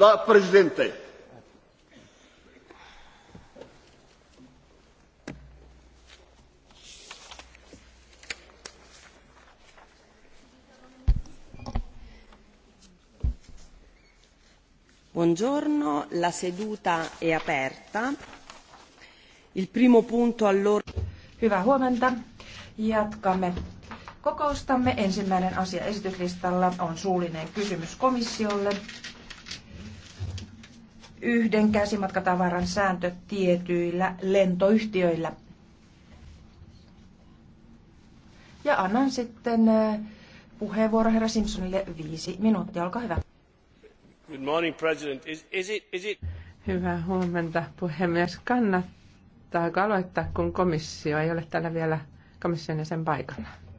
la prezidente. Buongiorno, la seduta è aperta. Il primo punto allora... Hyvää huomenta. Jatkamme kokoustamme. Ensimmäinen asia esityslistalla on suullinen kysymys komissiolle yhden käsimatkatavaran sääntö tietyillä lentoyhtiöillä. Ja annan sitten äh, puheenvuoro herra Simpsonille viisi minuuttia. Olkaa hyvä. Good morning, President. Is, is it, is it... Hyvää huomenta, puhemies. Kannattaako aloittaa, kun komissio ei ole täällä vielä komission sen paikalla?